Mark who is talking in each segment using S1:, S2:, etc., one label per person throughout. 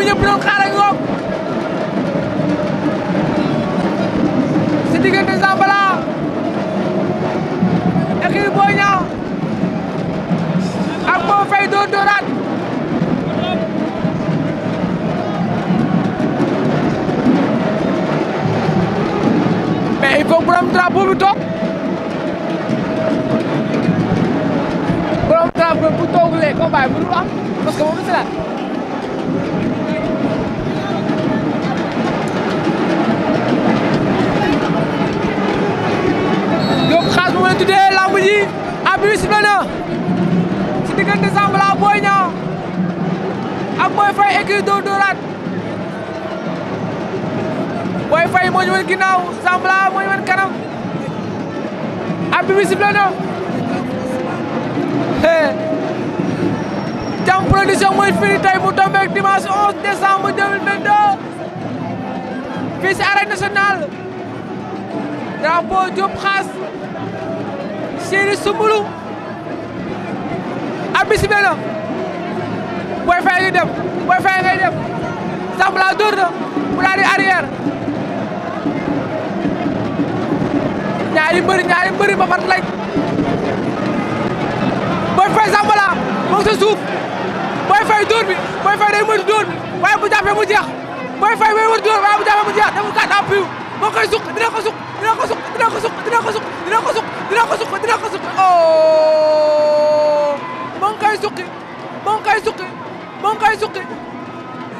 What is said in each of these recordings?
S1: bi ñëpp doon xaar ak ngoog si diggante Zambala équipe Boy Niang ak Mama Faye dóor dóoraat mais il faut borom drapeau bi toog borom drapeau lee combat mënul am parce que moom la si Boy Faye écurie Dóor Dóoraat Boy Faye moo ñu wan ginnaaw Zambala moo ñu wan Jam Production mooy firi tey mu tombeek dimanche 11 décembre 2022 fii si arène nationale drapeau Diop Xaas Chéri Sumbulu arbitre bi Boy Faye ngi dem dem Sax Blanc na mu daal di ñaari mbëri ñaari mbëri ba fat lañ Boy Faye Sax sa suuf Boy Faye dóor bi Boy Faye day moytu dóor bi waaye bu jàppee mu jeex Boy Faye day moytu dóor waaye bu jàppee mu jeex dafa gàtt am piw moo dina ko suq dina ko suq dina ko suq dina ko suq dina ko suq dina ko suq dina oh, moo ngi koy suqi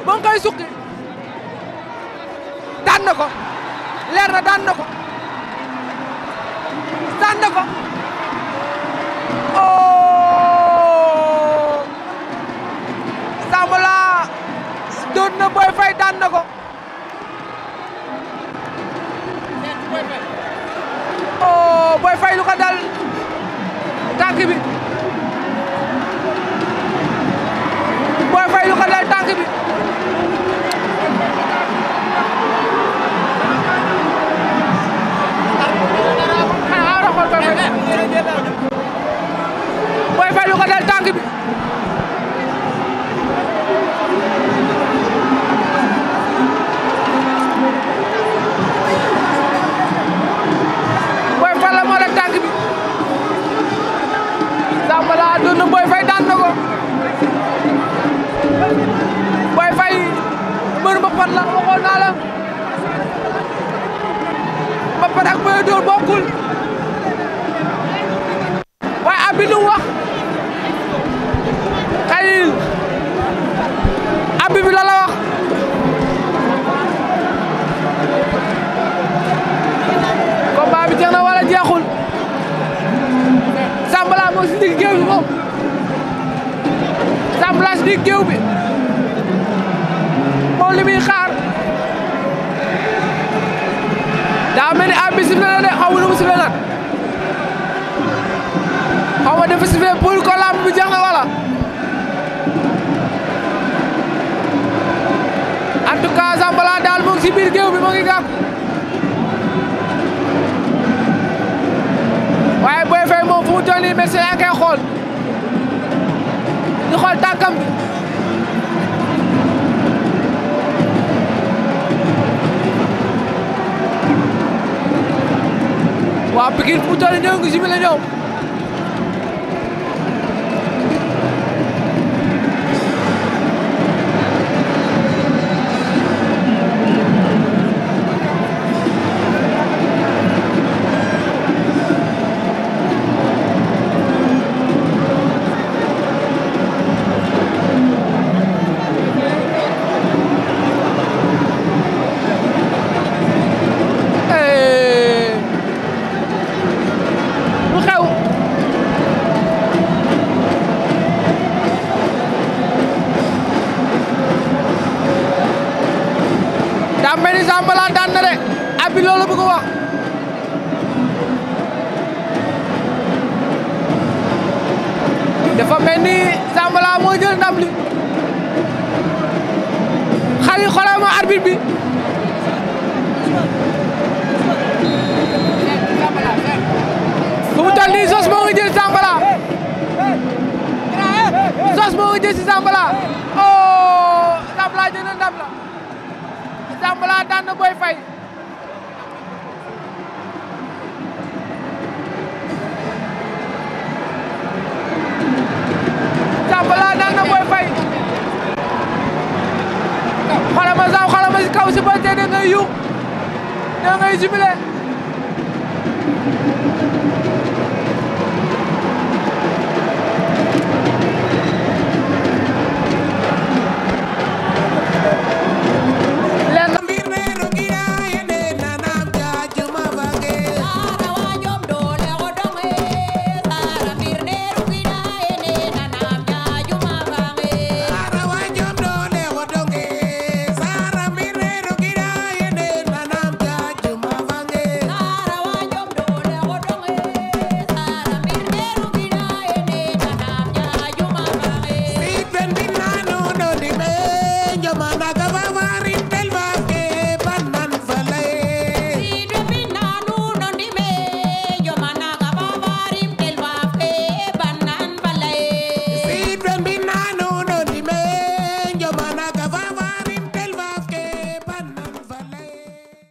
S1: moo ngi koy ko leer na daan ko daan ko oh Sambala doon na na ko koy dóor waaye ab bi lu wax Khalil ab bi la wax combat bi jeex na wala jeexul Zambala moo si bi moom Zambala si digg bi moom li muy xaar sifflé nag xaw ma dafa sifflé pour ko lamb bi jeex na wala en tout cas Zambala daal mu ngi géew bi mu ngi gàpp waaye Boy Faye moom fu mu toll nii merci yaa ngi xool ñu xool tànkam bi waa Pikine fu mu toll nii ñoo ngi simile ñoom daa mel ni Zambala loolu bëgg wax dafa mel ni Zambala moo jël ndam li xali xoolal ma arbitre bi moo ngi jël Zambala sos moo ngi jël si Zambala oh! daan na Boy na Boy Faye xoolal ma zaaw xoolal ma si kaw si ba tey da ngay yu da ngay jubilé